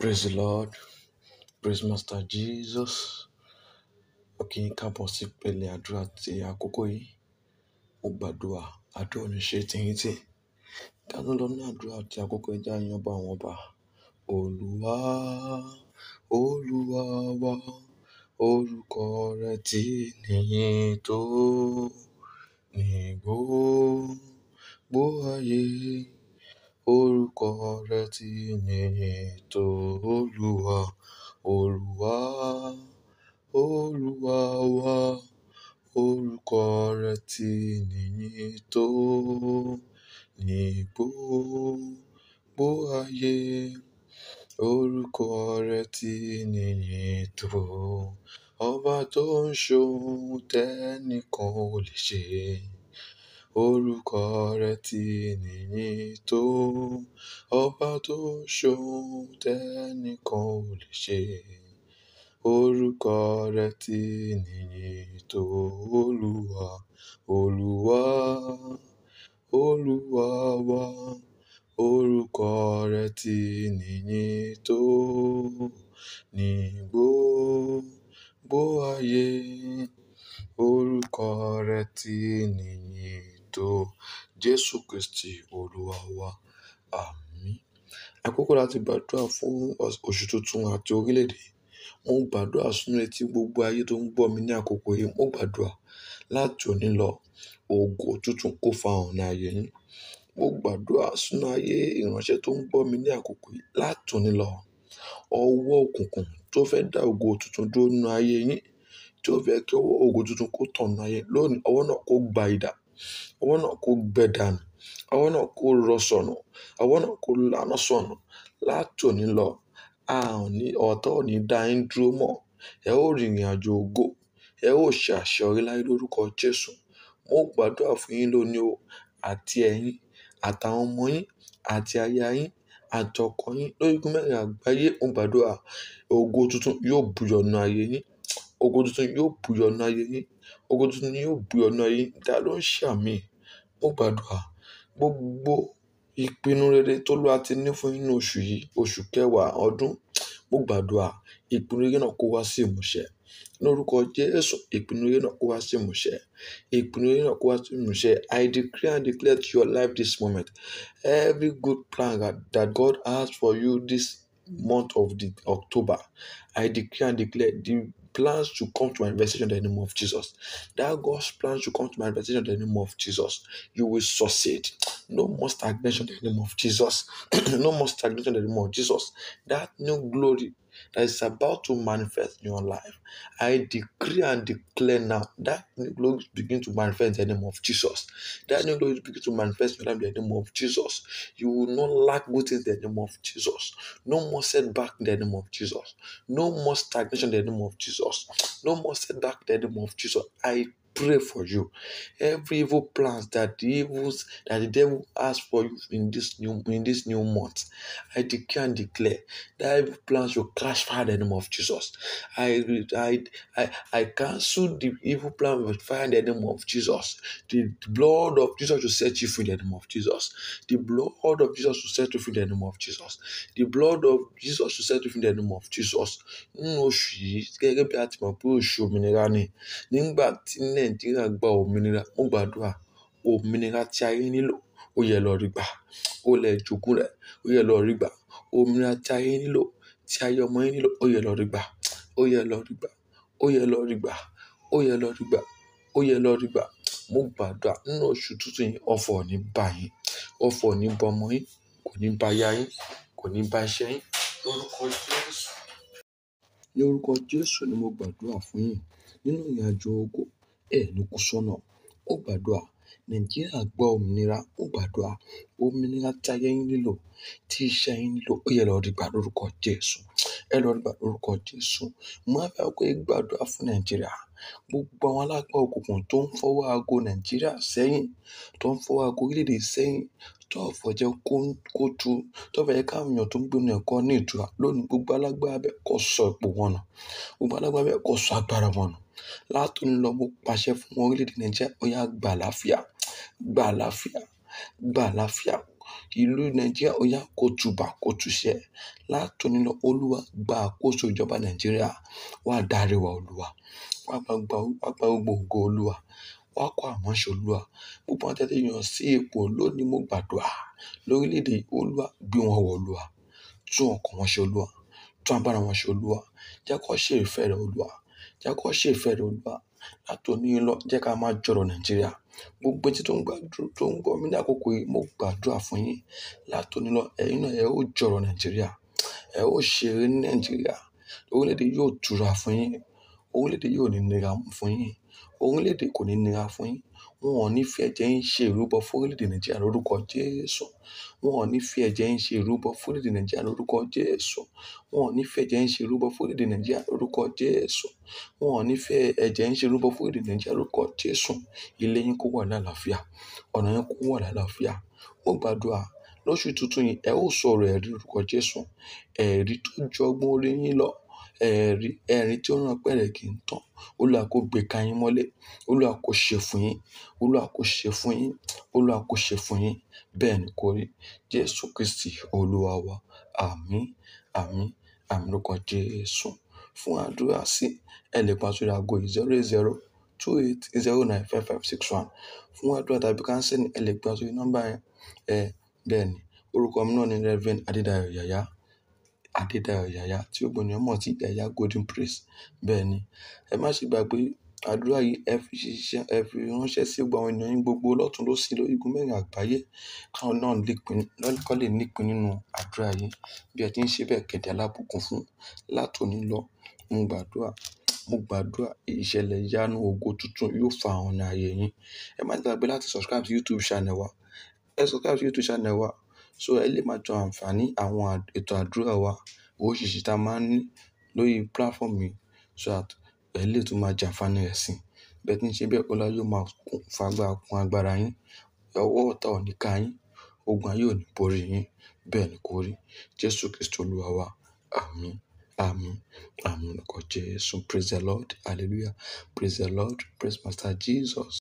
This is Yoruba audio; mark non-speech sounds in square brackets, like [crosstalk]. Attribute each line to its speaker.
Speaker 1: Praise the Lord. Praise Master Jesus. Mo kí yín káàbọ̀ sí pẹ̀lẹ́ àdúrà ti àkókò yìí. Mo gbàdúrà àdúrà oníṣe tìyìntì. Ká ló lọ ní àdúrà ti àkókò yìí já yan ọba àwọn ọba. Olúwa, Olúwa wa, orúkọ rẹ ti níyìn tó ní gbogbo ayé. Orúkọ rẹ̀ ti níyìn tó Olúwa. Olúwa, Olúwa wa. Orúkọ rẹ̀ ti níyìn tó ní gbogbo ayé. Orúkọ rẹ̀ ti níyìn tó. Ọba tó ń ṣe ohun ò lè ṣe. Orúkọ rẹ̀ ti níyìn tó. Ọba tó ṣohun tẹ́ní kan ò lè ṣe. Orúkọ rẹ̀ ti níyìn tó. Olúwa, Olúwa, Olúwa wa. Orúkọ rẹ̀ ti níyìn tó. Ní gbogbo ayé. Orúkọ rẹ̀ ti níyìn ètò Jésù Kristi Olúwa wa. Àmín. Àkókò láti gbàdúrà fún oṣù tuntun àti orílẹ̀-èdè. Mo ń gbàdúrà sínú etí gbogbo ayé tó ń gbọ́ mi ní àkókò yìí. Mo gbàdúrà láti òní lọ, ògo tuntun kó farahàn ní ayé yín. Mo gbàdúrà sínú ayé ìránṣẹ́ tó ń gbọ́ mi ní àkókò yìí láti òní lọ. Ọwọ́ òkùnkùn tó fẹ́ dá ògo tuntun dúró nínú ayé yín, tí ó fẹ́ kí ògo tuntun kó tàn nínú lónìí, ọwọ́ náà kó gba idà ọwọ́ náà kó gbẹ dànù ọwọ́ náà kó rọ sọnù ọwọ́ náà kó lánà sọnù látòní lọ a ò ní ọ̀tọ̀ ò ní dá yín dúró mọ́ ẹ ó rìnrìn àjò ògo ẹ ó ṣe àṣeyọrí láyé lórúkọ Jésù mo gbàdúrà fún yín lónìí o àti ẹ̀yin àtàwọn ọmọ yín àti aya yín àtọkọ yín lórí igun mẹ́rin àgbáyé mo gbàdúrà ògo tuntun yóò bùyọ̀nù ayé yín Ògo tuntun yóò buyọ nínú ayé yín. Ògo tuntun yóò buyọ nínú ayé yín. Ta ló ń ṣàmì? Mo gbàdúrà gbogbo ìpinnu rere tó Olúwa ti ní fún yín oṣù yìí, oṣù kẹwàá ọdún. Mo gbàdúrà ìpinnu rere náà kó wá sí ìmúṣẹ. Ní Jésù, ìpinnu rere náà kó wá sí ìmúṣẹ. Ìpinnu rere náà kó wá sí ìmúṣẹ. I decree and declare to your life this moment every good plan that God has for you this month of the October, I declare and declare the plans to come to my manifestation in the name of Jesus. That God's plans to come to my manifestation in the name of Jesus. You will succeed. No more stagnation in the name of Jesus. [clears throat] no more stagnation in the name of Jesus. That new glory that is about to manifest in your life, I decree and declare now that new glory begin to manifest in the name of Jesus. That new glory begin to manifest in the name of Jesus. You will not lack good things in the name of Jesus. No more setback in the name of Jesus. No more stagnation in the name of Jesus. No more setback in the name of Jesus. I pray for you. Every evil plans that the evils that the devil has for you in this new in this new month, I declare and declare that evil plans will crash fire in the name of Jesus. I I I, I cancel the evil plan with fire in the name of Jesus. The, the blood of Jesus will set you free in the name of Jesus. The blood of Jesus will set you free in the name of Jesus. The blood of Jesus will set you free in the name of Jesus. No oṣù Nàìjíríà gba òmìnira, mo gbàdúrà òmìnira tí ayé nílò ó yẹ lọ rí gbà. Ó lè jogún rẹ̀, ó yẹ lọ rí gbà. Òmìnira tí ayé nílò, tí ayé ọmọ yín nílò ó yẹ lọ rí gbà. Ó yẹ lọ rí gbà. Ó yẹ lọ rí gbà. Ó yẹ lọ rí gbà. Ó yẹ lọ rí gbà. Mo gbàdúrà nínú oṣù tuntun yìí ọ̀fọ̀ ò ní bá yín, ọ̀fọ̀ ò ní ba ọmọ yín, kò ní ba aya yín, kò ní ba iṣẹ́ yín. Lórúkọ Jésù, ní orúkọ Jésù ni mo gbàdúrà fún yín nínú ìrìnàjò ògo ẹnukú sọ́nà ó gbàdúrà nàìjíríà gba òmìnira ó gbàdúrà òmìnira tí ayé yín nílò tí iṣẹ́ yín nílò ó yẹ lọ rí gbà lórúkọ jésù ẹ lọ rí gbà lórúkọ jésù mo á fẹ́ pé gbàdúrà fún nàìjíríà gbogbo àwọn alágbá òkùnkùn tó ń fọwọ́ aago nàìjíríà sẹ́yìn tó ń fọwọ́ aago orílẹ̀-èdè sẹ́yìn tó ọ̀fọ̀ kó tu tó fẹ́ káwọn èèyàn tó ń gbénu ẹ̀kọ́ ní ìtura lónìí gbogbo alágbá abẹ́ kó sọ ipò wọn nù gbogbo alágbá abẹ́ kó sọ agbára wọn nù Látòní lọ, mo pàṣẹ fún orílẹ̀-èdè Nàìjíríà, ó yá gbà láfíà, gbà láfíà, gbà láfíà. Ìlú Nàìjíríà ó yá kòtùbà kòtùṣẹ. Látòní lọ, Olúwa gba àkóso ìjọba Nàìjíríà. Wà dárí wa Olúwa. Wà gba, wà gba gbogbo ògo Olúwa. Wà kó àwọn iṣẹ́ Olúwa. Gbogbo àwọn tí a yàn sí ipò lónìí mo gbàdúrà. Lórílẹ̀-èdè yìí, Olúwa gbé wọn wọ Olúwa. Tún ọkàn wọn ṣe Olúwa. Tún agbára wọn ṣe Olúwa. Jẹ́ kó ṣe ìfẹ́ rẹ Olúwa jẹ́ kó ṣèfẹ́ rẹ Olúwa. Látòní lọ jẹ́ ká máa jọ̀rọ̀ Nàìjíríà. Gbogbo etí tó ń gbàdúrà tó ń gbọ́ mi ní àkókò yìí, mo gbàdúrà fún yín. Látòní lọ, ẹ̀yin náà ẹ ó jọ̀rọ̀ Nàìjíríà. Ẹ ó ṣeré ní Nàìjíríà. Orílẹ̀-èdè yóò tura fún yín orílẹ̀-èdè yìí ò ní nira fún yín, orílẹ̀-èdè kò ní nira fún yín. Wọn ò ní fi ẹ̀jẹ̀ yín ṣe ìrúbọ fún orílẹ̀-èdè Nàìjíríà lórúkọ Jésù. Wọn ò ní fi ẹ̀jẹ̀ yín ṣe ìrúbọ fún orílẹ̀-èdè Nàìjíríà lórúkọ Jésù. Wọn ò ní fi ẹ̀jẹ̀ yín ṣe ìrúbọ fún orílẹ̀-èdè Nàìjíríà lórúkọ Jésù. Wọn ò ní fi ẹ̀jẹ̀ yín ṣe ìrúbọ fún orílẹ̀-èdè Nàìjíríà lórúkọ Jésù. Ilé yín kó wà ní ọ̀nà yín kó wà ní àlàáfíà. gbàdúrà lóṣù tuntun yìí, ẹ ó sọ̀rọ̀ ẹ̀rí lórúkọ Jésù. Ẹ̀rí tó ju orí yín lọ ẹ̀rín, ẹ̀rín tí ó rán pẹ̀rẹ̀ kì í tán. Olúwa kó gbéká yín mọ́lẹ̀. Olúwa kó ṣe fún yín. Olúwa kó ṣe fún yín. Olúwa kó ṣe fún yín. Bẹ́ẹ̀ ni kó rí. Jésù Kristi Olúwa wa. Àmín, àmín, àmín lórúkọ Jésù. Fún àdúrà sí, ẹ lè yìí zero eight zero two eight zero nine five five six one. Fún àdúrà tàbí kánsẹ́ẹ̀lì, ẹ lè pe wa sórí nọ́mbà yẹn. Ẹ bẹ́ẹ̀ ni. Orúkọ mi náà ni Reverend Adédayọ̀ Yàyà. Adédayọ̀ Yàyà tí ọ̀pọ̀ ènìyàn mọ̀ sí Yàyà Golden Praise. Bẹ́ẹ̀ ni, ẹ má ṣe gbàgbé àdúrà yìí, ẹ fi ṣiṣẹ́, ẹ fi ránṣẹ́ sí gbogbo àwọn ènìyàn yín gbogbo lọ́tùn lósì lórígun mẹ́rin àgbáyé káwọn náà lè pín, kó lè nípín nínú àdúrà yìí. Bí ẹ ti ń ṣe bẹ́ẹ̀ kẹ́ di alábùkún fún látòní lọ. Mo gbàdúrà, mo gbàdúrà ìṣẹ̀lẹ̀ ìyanu ògo tuntun yóò fa àwọn ọ̀nà ayé yín. Ẹ má gbàgbé láti subscribe sí YouTube channel wa. Ẹ subscribe sí YouTube channel wa. So ẹ lè máa jọ àǹfààní àwọn ètò àdúrà wa, oríṣìíríṣìí tí a máa ń ní lórí platform yìí so that ẹ lè tún máa jẹ àǹfààní ẹ̀sìn. Bẹ́ẹ̀ tí ń ṣe bẹ́ẹ̀, Ọlọ́run yóò máa kún fagbára kún agbára yín. Ọwọ́ ọ̀tá ò ní ká yín, ogun ayé ò ní borí yín. Bẹ́ẹ̀ ni kó rí. Jésù Kristi Olúwa wa. Àmín, àmín, àmín. Lórúkọ Jésù. Praise the Lord. Hallelujah. Praise the Lord. Praise Master Jesus.